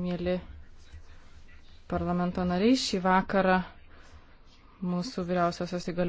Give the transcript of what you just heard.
Mėly parlamento nariai, šį vakarą mūsų vyriausiosios įgalios.